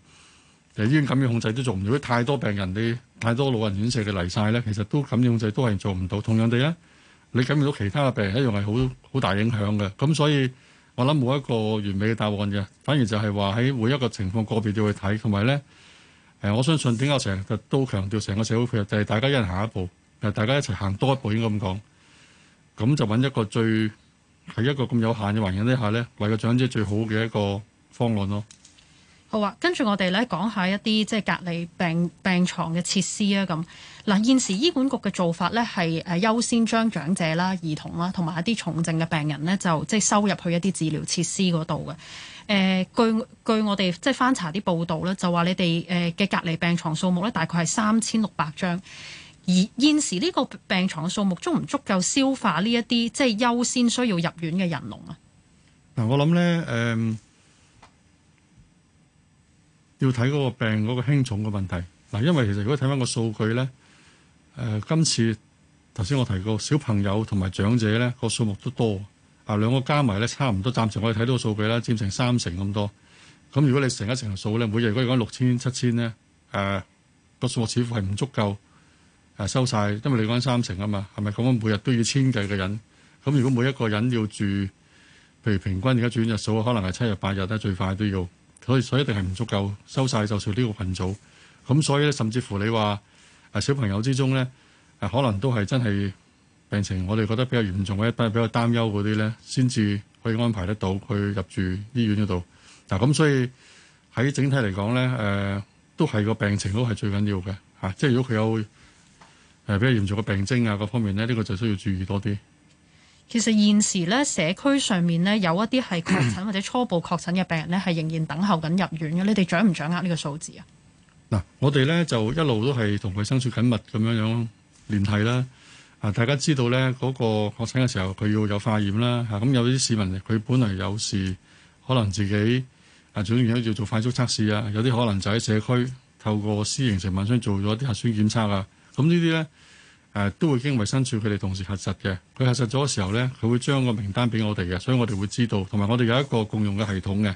其實醫院感染控制都做唔到。太多病人，你太多老人院舍嘅嚟晒咧，其實都感染控制都係做唔到。同樣地咧，你感染到其他嘅病人一樣係好好大影響嘅。咁所以，我諗冇一個完美嘅答案嘅，反而就係話喺每一個情況個別都要去睇，同埋咧誒，我相信點解成日都強調成個社會配合，就係大家一人行一步，大家一齊行多一步應該咁講。咁就揾一個最喺一個咁有限嘅環境之下咧，為個長者最好嘅一個。方案咯，好啊。跟住我哋咧，講下一啲即係隔離病病床嘅設施啊。咁嗱，現時醫管局嘅做法咧，係誒優先將長者啦、兒童啦，同埋一啲重症嘅病人咧、呃，就即係收入去一啲治療設施嗰度嘅。誒，據據我哋即係翻查啲報道咧，就話你哋誒嘅隔離病床數目咧，大概係三千六百張。而現時呢個病床嘅數目足唔足夠消化呢一啲即係優先需要入院嘅人龍啊？嗱，我諗咧，誒。要睇嗰個病嗰個輕重嘅問題嗱，因為其實如果睇翻個數據咧，誒、呃、今次頭先我提過小朋友同埋長者咧，個數目都多啊，兩個加埋咧差唔多。暫時我哋睇到數據呢佔成三成咁多。咁如果你成一成數數咧，每日如果講六千七千咧，誒、呃、個數目似乎係唔足夠、呃、收晒，因為你講三成啊嘛，係咪咁啊？每日都要千計個人，咁如果每一個人要住，譬如平均而家住院日數可能係七日八日咧，最快都要。所以所以一定係唔足夠收晒就住呢個群組，咁所以咧，甚至乎你話誒，小朋友之中咧，誒可能都係真係病情，我哋覺得比較嚴重咧、比較擔憂嗰啲咧，先至可以安排得到佢入住醫院嗰度。嗱，咁所以喺整體嚟講咧誒，都係個病情都係最緊要嘅嚇。即係如果佢有誒比較嚴重嘅病徵啊各方面咧，呢個就需要注意多啲。其實現時咧社區上面咧有一啲係確診或者初步確診嘅病人咧，係仍然等候緊入院嘅。你哋掌唔掌握呢個數字啊？嗱，我哋咧就一路都係同衞生署緊密咁樣樣聯繫啦。啊，大家知道咧嗰、那個確診嘅時候，佢要有化驗啦。嚇、啊，咁有啲市民佢本嚟有事，可能自己啊，主要要做快速測試啊，有啲可能就喺社區透過私營承辦商做咗啲核酸檢測啊。咁、啊、呢啲咧。誒都會經衛生署佢哋同時核實嘅，佢核實咗嘅時候呢，佢會將個名單俾我哋嘅，所以我哋會知道，同埋我哋有一個共用嘅系統嘅，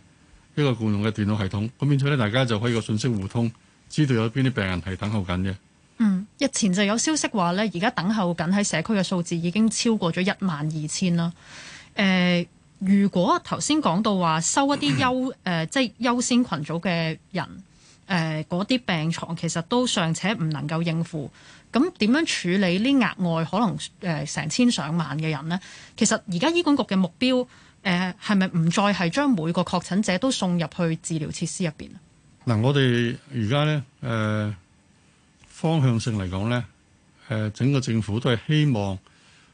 一個共用嘅電腦系統，咁變咗咧，大家就可以個信息互通，知道有邊啲病人係等候緊嘅。嗯，日前就有消息話呢，而家等候緊喺社區嘅數字已經超過咗一萬二千啦。誒、呃，如果頭先講到話收一啲優誒，即係優先群組嘅人。誒嗰啲病床其實都尚且唔能夠應付，咁點樣處理呢啲額外可能誒、呃、成千上萬嘅人呢？其實而家醫管局嘅目標誒係咪唔再係將每個確診者都送入去治療設施入邊？嗱，我哋而家呢誒、呃、方向性嚟講呢，誒、呃、整個政府都係希望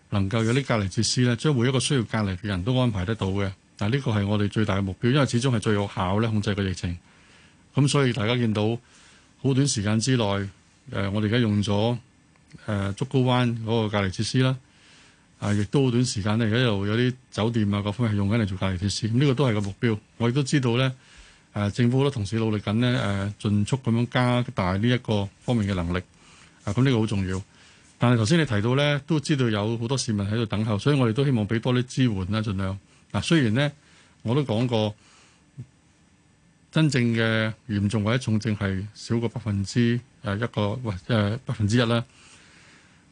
能夠有啲隔離設施咧，將每一個需要隔離嘅人都安排得到嘅。嗱，呢個係我哋最大嘅目標，因為始終係最有效咧控制個疫情。咁所以大家見到好短時間之內，呃、我哋而家用咗誒竹篙灣嗰個隔離設施啦，啊、呃、亦都好短時間咧，而家又有啲酒店啊各方面係用緊嚟做隔離設施，咁、嗯、呢、這個都係個目標。我亦都知道咧、呃，政府好多同事努力緊咧，誒、呃、盡速咁樣加大呢一個方面嘅能力啊。咁呢個好重要。但係頭先你提到咧，都知道有好多市民喺度等候，所以我哋都希望俾多啲支援啦，盡量嗱、啊。雖然咧，我都講過。真正嘅嚴重或者重症係少過百分之一個或誒百分之一啦。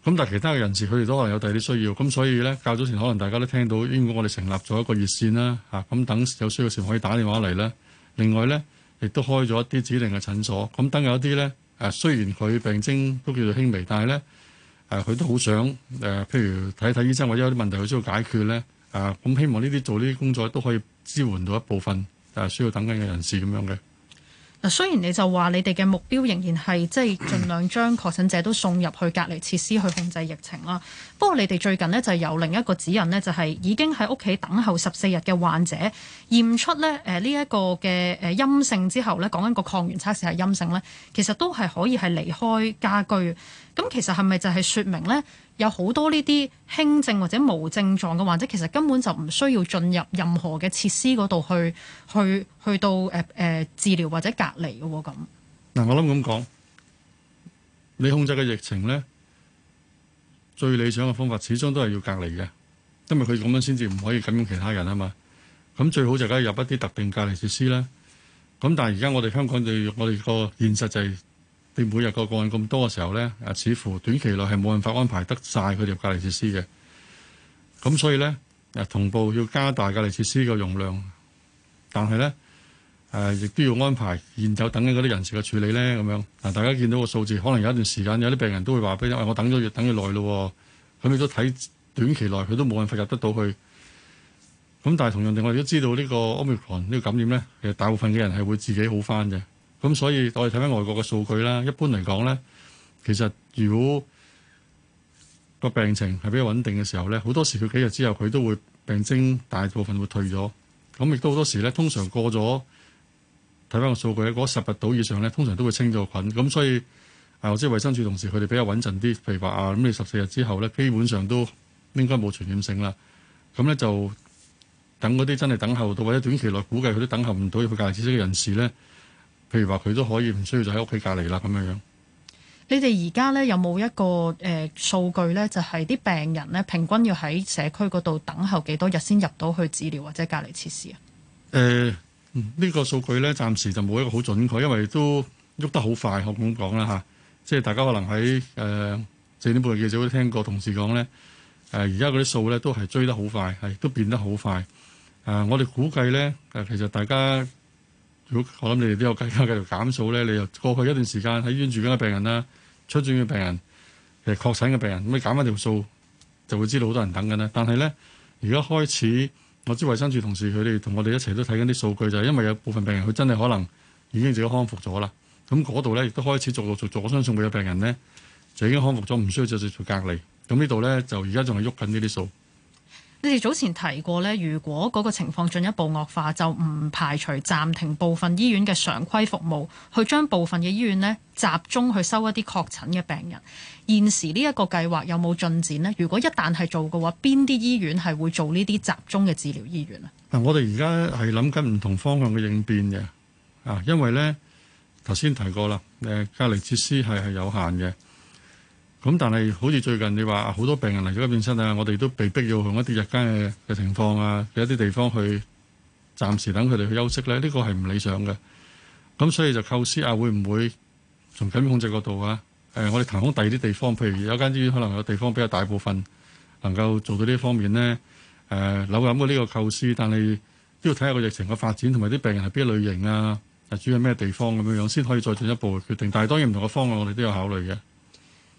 咁但係其他嘅人士佢哋都可能有第二啲需要，咁所以咧較早前可能大家都聽到，應該我哋成立咗一個熱線啦，咁等有需要時可以打電話嚟啦。另外咧亦都開咗一啲指定嘅診所，咁等有一啲咧誒雖然佢病徵都叫做輕微，但係咧誒佢都好想誒，譬如睇睇醫生或者有啲問題佢需要解決咧，咁希望呢啲做呢啲工作都可以支援到一部分。誒需要等緊嘅人士咁樣嘅嗱，雖然你就話你哋嘅目標仍然係即係盡量將確診者都送入去隔離設施去控制疫情啦。 不過你哋最近呢，就係有另一個指引呢，就係已經喺屋企等候十四日嘅患者驗出咧誒呢一個嘅誒陰性之後呢，講緊個抗原測試係陰性呢，其實都係可以係離開家居。咁其實係咪就係說明呢？有好多呢啲輕症或者無症狀嘅患者，其實根本就唔需要進入任何嘅設施嗰度去去去到誒誒、呃、治療或者隔離嘅喎。咁。嗱、嗯，我諗咁講，你控制嘅疫情咧，最理想嘅方法始終都係要隔離嘅，因為佢咁樣先至唔可以感染其他人啊嘛。咁最好就梗係入一啲特定隔離設施啦。咁但係而家我哋香港對我哋個現實就係、是。你每日個個案咁多嘅時候咧，啊，似乎短期內係冇辦法安排得晒佢哋入隔離設施嘅。咁所以咧，啊，同步要加大隔離設施嘅容量。但係咧，誒、啊，亦都要安排現就等緊嗰啲人士嘅處理咧，咁樣。嗱、啊，大家見到個數字，可能有一段時間有啲病人都會話俾你、哎，我等咗越等越耐咯。佢都睇短期內佢都冇辦法入得到去。咁但係同樣地，我哋都知道呢個 Omicron 呢個感染咧，其實大部分嘅人係會自己好翻嘅。咁所以我哋睇翻外國嘅數據啦，一般嚟講咧，其實如果個病情係比較穩定嘅時候咧，好多時佢幾日之後佢都會病徵大部分會退咗。咁亦都好多時咧，通常過咗睇翻個數據嗰十日到以上咧，通常都會清咗菌。咁所以啊，即係衞生署同事，佢哋比較穩陣啲，譬如話啊，咁你十四日之後咧，基本上都應該冇傳染性啦。咁咧就等嗰啲真係等候到或者短期內估計佢都等候唔到要隔離措施嘅人士咧。譬如話佢都可以唔需要就喺屋企隔離啦，咁樣樣。你哋而家咧有冇一個誒、呃、數據咧？就係、是、啲病人咧，平均要喺社區嗰度等候幾多日先入到去治療或者隔離設施啊？誒、呃，呢、嗯這個數據咧暫時就冇一個好準確，因為都喐得好快，學咁講啦吓，即係大家可能喺誒四點半嘅記者會都聽過同事講咧，誒而家嗰啲數咧都係追得好快，係都變得好快。誒、呃，我哋估計咧誒，其實大家。如果我諗你哋都有繼續繼續減數咧，你又過去一段時間喺醫院住緊嘅病人啦，出院嘅病人，其實確診嘅病人，咁你減翻條數，就會知道好多人等緊啦。但係咧，而家開始，我知衞生署同事佢哋同我哋一齊都睇緊啲數據，就係、是、因為有部分病人佢真係可能已經自己康復咗啦，咁嗰度咧亦都開始做做做相送俾嘅病人咧，就已經康復咗，唔需要再做做隔離。咁呢度咧就而家仲係喐緊呢啲數。你哋早前提過咧，如果嗰個情況進一步惡化，就唔排除暫停部分醫院嘅常規服務，去將部分嘅醫院呢集中去收一啲確診嘅病人。現時呢一個計劃有冇進展呢？如果一旦係做嘅話，邊啲醫院係會做呢啲集中嘅治療醫院啊？嗱，我哋而家係諗緊唔同方向嘅應變嘅啊，因為呢頭先提過啦，誒、啊、隔離設施係係有限嘅。咁但係好似最近你話好多病人嚟咗變身啊，我哋都被逼要用一啲日間嘅嘅情況啊，有一啲地方去暫時等佢哋去休息咧，呢個係唔理想嘅。咁所以就構思啊，會唔會從緊控制嗰度啊？我哋騰空第二啲地方，譬如有間醫院可能有地方比較大部分能夠做到呢方面呢。誒、呃，有諗過呢個構思，但係都要睇下個疫情嘅發展同埋啲病人係邊一類型啊，住喺咩地方咁樣樣先可以再進一步決定。但係當然唔同嘅方案我哋都有考慮嘅。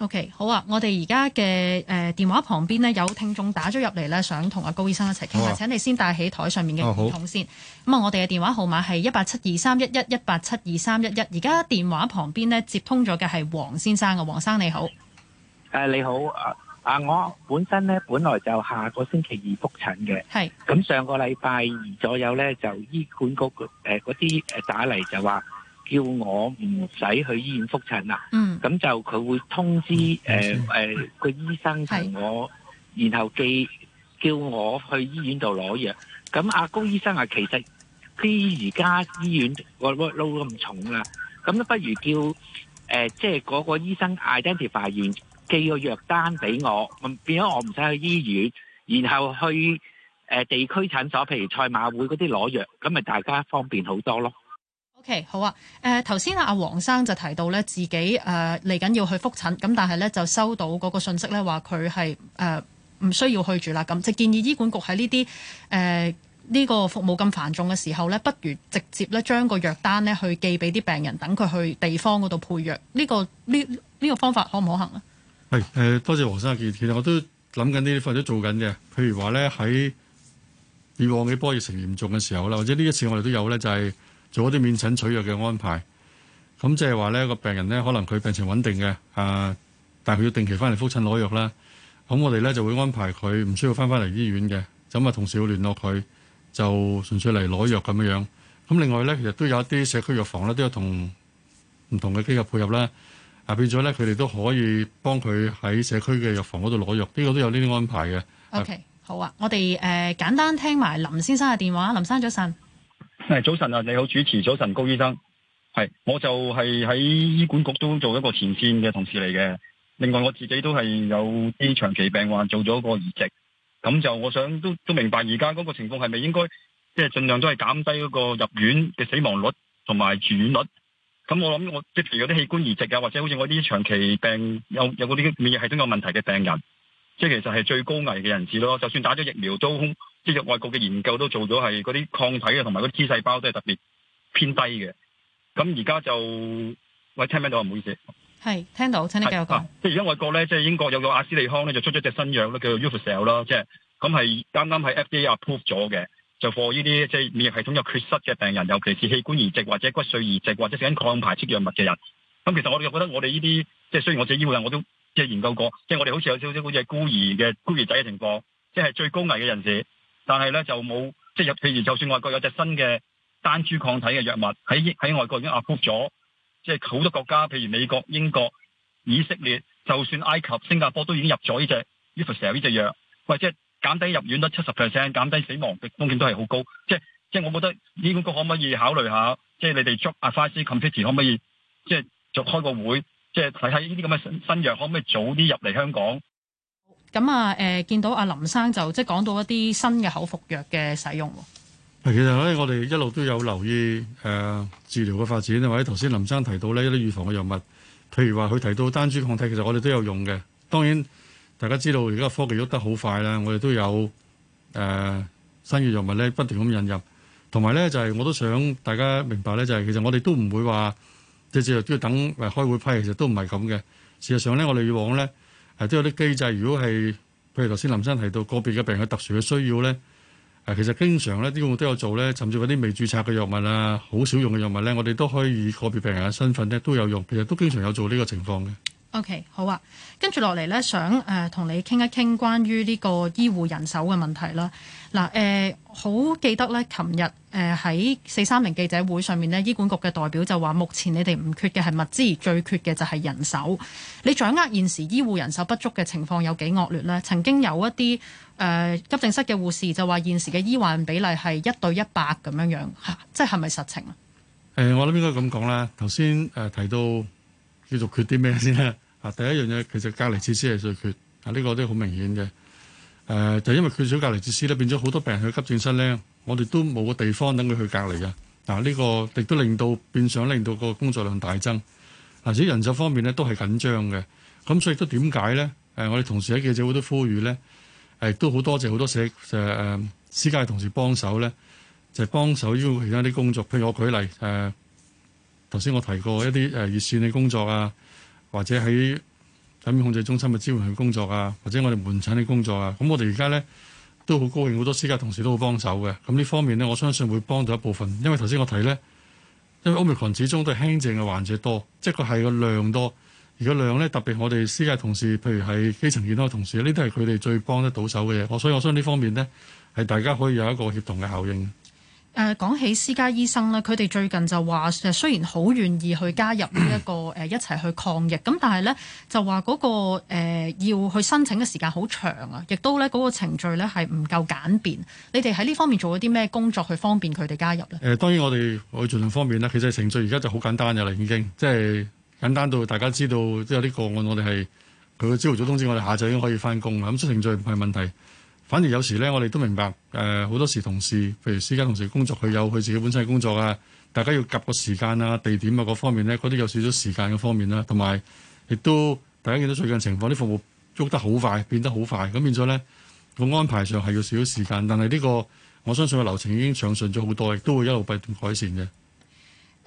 OK，好啊！我哋而家嘅誒電話旁邊呢，有聽眾打咗入嚟呢，想同阿高醫生一齊傾下，啊、請你先戴起台上面嘅耳筒先。咁啊、哦嗯，我哋嘅電話號碼係一八七二三一一一八七二三一一。而家電話旁邊呢，接通咗嘅係黃先生啊，黃生你好。誒、啊、你好啊啊！我本身呢，本來就下個星期二復診嘅，係咁是上個禮拜二左右呢，就醫管局誒嗰啲誒打嚟就話。叫我唔使去醫院復診啦，咁、嗯、就佢會通知誒誒、嗯呃、個醫生同我，是然後寄叫我去醫院度攞藥。咁阿高醫生話其實佢而家醫院我我 load 咁重啦，咁都不如叫誒即係嗰個醫生 identify 完寄個藥單俾我，變咗我唔使去醫院，然後去誒、呃、地區診所，譬如賽馬會嗰啲攞藥，咁咪大家方便好多咯。Okay, 好啊。誒、呃，頭先啊，阿黃生就提到咧，自己誒嚟緊要去覆診，咁但係咧就收到嗰個信息咧，話佢係誒唔需要去住啦。咁就建議醫管局喺呢啲誒呢個服務咁繁重嘅時候咧，不如直接咧將個藥單呢去寄俾啲病人，等佢去地方嗰度配藥。呢、呢個呢呢、呢個、方法可唔可行啊？係誒、呃，多謝黃生嘅建議。其實我都諗緊呢啲，都做緊嘅。譬如話咧，喺以往嘅波疫情嚴重嘅時候啦，或者呢一次我哋都有咧，就係、是。做一啲免診取藥嘅安排，咁即係話呢個病人呢，可能佢病情穩定嘅，啊，但係佢要定期翻嚟覆診攞藥啦。咁我哋呢就會安排佢唔需要翻翻嚟醫院嘅，咁啊同時會聯絡佢，就純粹嚟攞藥咁樣樣。咁另外呢，其實都有一啲社區藥房呢，都有同唔同嘅機構配合啦。啊變咗呢，佢哋都可以幫佢喺社區嘅藥房嗰度攞藥，呢、這個都有呢啲安排嘅。OK，啊好啊，我哋誒、呃、簡單聽埋林先生嘅電話，林生早晨。係早晨啊，你好主持，早晨高醫生，係我就係喺醫管局都做一個前線嘅同事嚟嘅。另外我自己都係有啲長期病患做咗個移植，咁就我想都都明白而家嗰個情況係咪應該即係盡量都係減低嗰個入院嘅死亡率同埋住院率？咁我諗我即係譬如嗰啲器官移植啊，或者好似我啲長期病有有嗰啲免疫系統有問題嘅病人，即係其實係最高危嘅人士咯，就算打咗疫苗都，都即係外國嘅研究都做咗係嗰啲抗體啊，同埋嗰啲 T 細胞都係特別偏低嘅。咁而家就喂，聽唔聽到？唔好意思，係聽到，請你繼續講。啊，即係而家外國咧，即係英國有個阿斯利康咧，就出咗隻新藥叫做 Ufusel 啦。即係咁係啱啱喺 FDA approve 咗嘅，就 for 呢啲即係免疫系統有缺失嘅病人，尤其是器官移植或者骨髓移植或者食緊抗排斥藥物嘅人。咁其實我哋覺得我哋呢啲即係雖然我自己醫護人，我都。即係研究過，即係我哋好似有少少好似係孤兒嘅孤兒仔嘅情況，即係最高危嘅人士，但係咧就冇即係入。譬如就算外國有隻新嘅單株抗體嘅藥物喺喺外國已經 approve 咗，即係好多國家，譬如美國、英國、以色列，就算埃及、新加坡都已經入咗呢隻 Evusheld 呢隻藥。或即係減低入院得七十 percent，減低死亡嘅風險都係好高。即係即係，我覺得呢個可唔可以考慮下？即係你哋抓阿 Flies Competitor 可唔可以即係就開個會？即係睇下呢啲咁嘅新新藥可唔可以早啲入嚟香港？咁啊，誒、呃、見到阿林生就即係講到一啲新嘅口服藥嘅使用。嗱，其實咧，我哋一路都有留意誒、呃、治療嘅發展，或者頭先林生提到呢一啲預防嘅藥物，譬如話佢提到單株抗體，其實我哋都有用嘅。當然，大家知道而家科技喐得好快啦，我哋都有誒、呃、新嘅藥物咧不斷咁引入，同埋咧就係、是、我都想大家明白咧，就係、是、其實我哋都唔會話。都要等誒開會批，其實都唔係咁嘅。事實上咧，我哋以往咧誒、啊、都有啲機制。如果係譬如頭先林生提到個別嘅病人有特殊嘅需要咧誒、啊，其實經常咧啲我哋都有做咧，甚至嗰啲未註冊嘅藥物啊，好少用嘅藥物咧，我哋都可以以個別病人嘅身份咧都有用。其實都經常有做呢個情況嘅。OK，好啊，跟住落嚟咧，想誒同、呃、你傾一傾關於呢個醫護人手嘅問題啦。嗱，誒好、呃、記得咧，琴日誒喺四三零記者會上面呢，醫管局嘅代表就話，目前你哋唔缺嘅係物資，最缺嘅就係人手。你掌握現時醫護人手不足嘅情況有幾惡劣呢？曾經有一啲誒、呃、急症室嘅護士就話，現時嘅醫患比例係一對一百咁樣樣，嚇、啊，即係咪實情啊？誒、欸，我諗應該咁講啦。頭先誒提到叫做缺啲咩先咧？啊，第一樣嘢其實隔離設施係最缺，啊，呢、這個都好明顯嘅。誒、呃、就是、因為缺少隔離設施咧，變咗好多病人去急症室咧，我哋都冇個地方等佢去隔離㗎。嗱、啊，呢、這個亦都令到變相令到個工作量大增，嗱、啊，至於人手方面咧都係緊張嘅，咁、啊、所以都點解咧？我哋同事喺記者會都呼籲咧，誒、啊，都好多謝好多社誒、啊、私家同事幫手咧，就係、是、幫手於其他啲工作，譬如我舉例誒，頭、啊、先我提過一啲誒熱線嘅工作啊，或者喺，感染控制中心嘅支援去工作啊，或者我哋門診啲工作啊，咁我哋而家咧都好高興，好多私家同事都好幫手嘅。咁呢方面咧，我相信會幫到一部分，因為頭先我睇咧，因為 Omicron 始終都係輕症嘅患者多，即係個係個量多。而個量咧，特別我哋私家同事，譬如喺基層健康同事，呢啲都係佢哋最幫得到手嘅嘢。我所以我相信呢方面咧，係大家可以有一個協同嘅效應。誒講起私家醫生咧，佢哋最近就話誒，雖然好願意去加入呢一個誒， 一齊去抗疫，咁但係咧就話嗰、嗰個、呃、要去申請嘅時間好長啊，亦都咧嗰、嗰個程序咧係唔夠簡便。你哋喺呢方面做咗啲咩工作去方便佢哋加入咧？誒、呃、當然我哋我盡量方便啦。其實程序而家就好簡單㗎喇，已經即係簡單到大家知道，即係有啲個案我哋係佢朝早通知我哋，下晝已經可以翻工啦。咁出程序唔係問題。反而有時咧，我哋都明白，誒、呃、好多時同事，譬如私家同事工作，佢有佢自己本身嘅工作啊。大家要夾個時間啊、地點啊各方面咧，嗰啲有少少時間嘅方面啦。同埋亦都大家見到最近情況，啲服務喐得好快，變得好快，咁變咗咧個安排上係要少少時間。但係呢、呢個我相信個流程已經暢順咗好多，亦都會一路不斷改善嘅。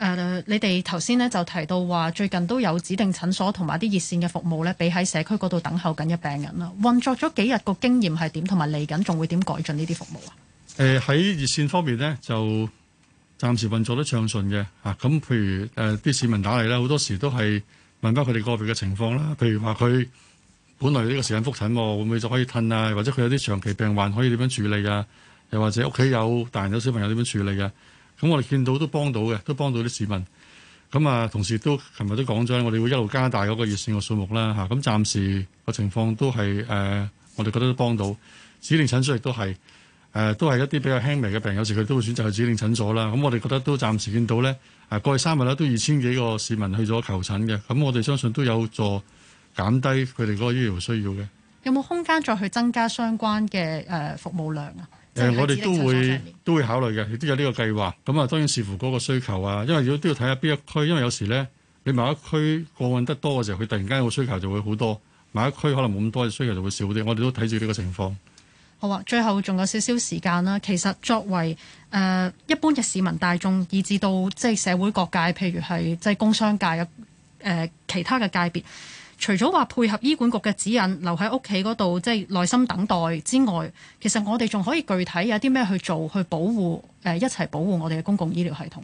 誒、呃，你哋頭先咧就提到話，最近都有指定診所同埋啲熱線嘅服務咧，俾喺社區嗰度等候緊嘅病人啦。運作咗幾日個經驗係點，同埋嚟緊仲會點改進呢啲服務啊？誒、呃，喺熱線方面呢，就暫時運作得暢順嘅嚇。咁、啊、譬如誒，啲、呃、市民打嚟咧，好多時都係問返佢哋個別嘅情況啦。譬如話佢本來呢個時間覆診，會唔會就可以褪啊？或者佢有啲長期病患可以點樣處理啊？又或者屋企有大人有小朋友點樣處理嘅、啊？咁我哋見到都幫到嘅，都幫到啲市民。咁啊，同時都琴日都講咗，我哋會一路加大嗰個熱線嘅數目啦。嚇，咁暫時個情況都係誒、呃，我哋覺得都幫到指定診所亦都係誒，都係一啲比較輕微嘅病，有時佢都會選擇去指定診所啦。咁我哋覺得都暫時見到咧，誒、呃、過去三日啦，都二千幾個市民去咗求診嘅。咁我哋相信都有助減低佢哋嗰個醫療需要嘅。有冇空間再去增加相關嘅誒服務量啊？誒、呃，我哋都會都會考慮嘅，亦都有呢個計劃。咁啊，當然視乎嗰個需求啊。因為如果都要睇下邊一區，因為有時咧，你某一區過運得多嘅時候，佢突然間個需求就會好多；某一區可能冇咁多嘅需求就會少啲。我哋都睇住呢個情況。好啊，最後仲有少少時間啦。其實作為誒、呃、一般嘅市民大眾，以至到即係、就是、社會各界，譬如係即係工商界嘅誒、呃、其他嘅界別。除咗話配合醫管局嘅指引留喺屋企嗰度，即係耐心等待之外，其實我哋仲可以具體有啲咩去做，去保護誒、呃、一齊保護我哋嘅公共醫療系統。誒、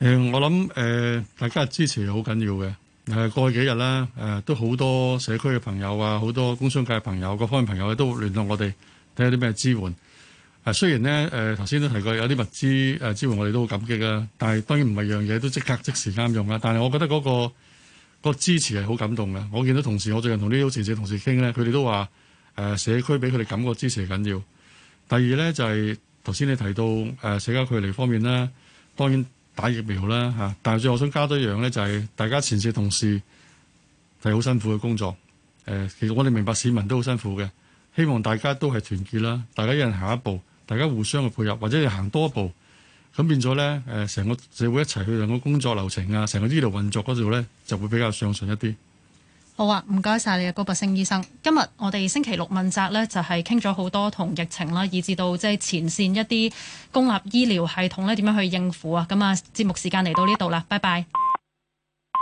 呃，我諗誒、呃，大家嘅支持好緊要嘅。誒、呃，過去幾日咧，誒、呃、都好多社區嘅朋友啊，好多工商界嘅朋友、各方面嘅朋友都聯絡我哋睇下啲咩支援。誒、呃，雖然呢，誒頭先都提過有啲物資誒、呃、支援，我哋都好感激啦。但係當然唔係樣嘢都即刻即時啱用啦。但係我覺得嗰、嗰個個支持係好感動嘅，我見到同事，我最近同啲前線同事傾咧，佢哋都話誒、呃、社區俾佢哋感覺支持緊要。第二咧就係頭先你提到誒、呃、社交距離方面啦，當然打疫苗啦嚇、啊。但係最後我想加多一樣咧，就係、是、大家前線同事係好、就是、辛苦嘅工作。誒、呃，其實我哋明白市民都好辛苦嘅，希望大家都係團結啦，大家一人行一步，大家互相嘅配合，或者是行多一步。咁變咗咧，誒成個社會一齊去兩個工作流程啊，成個醫療運作嗰度咧，就會比較上順一啲。好啊，唔該晒你啊，高拔陞醫生。今日我哋星期六問責咧，就係傾咗好多同疫情啦，以至到即係前線一啲公立醫療系統咧點樣去應付啊。咁啊，節目時間嚟到呢度啦，拜拜。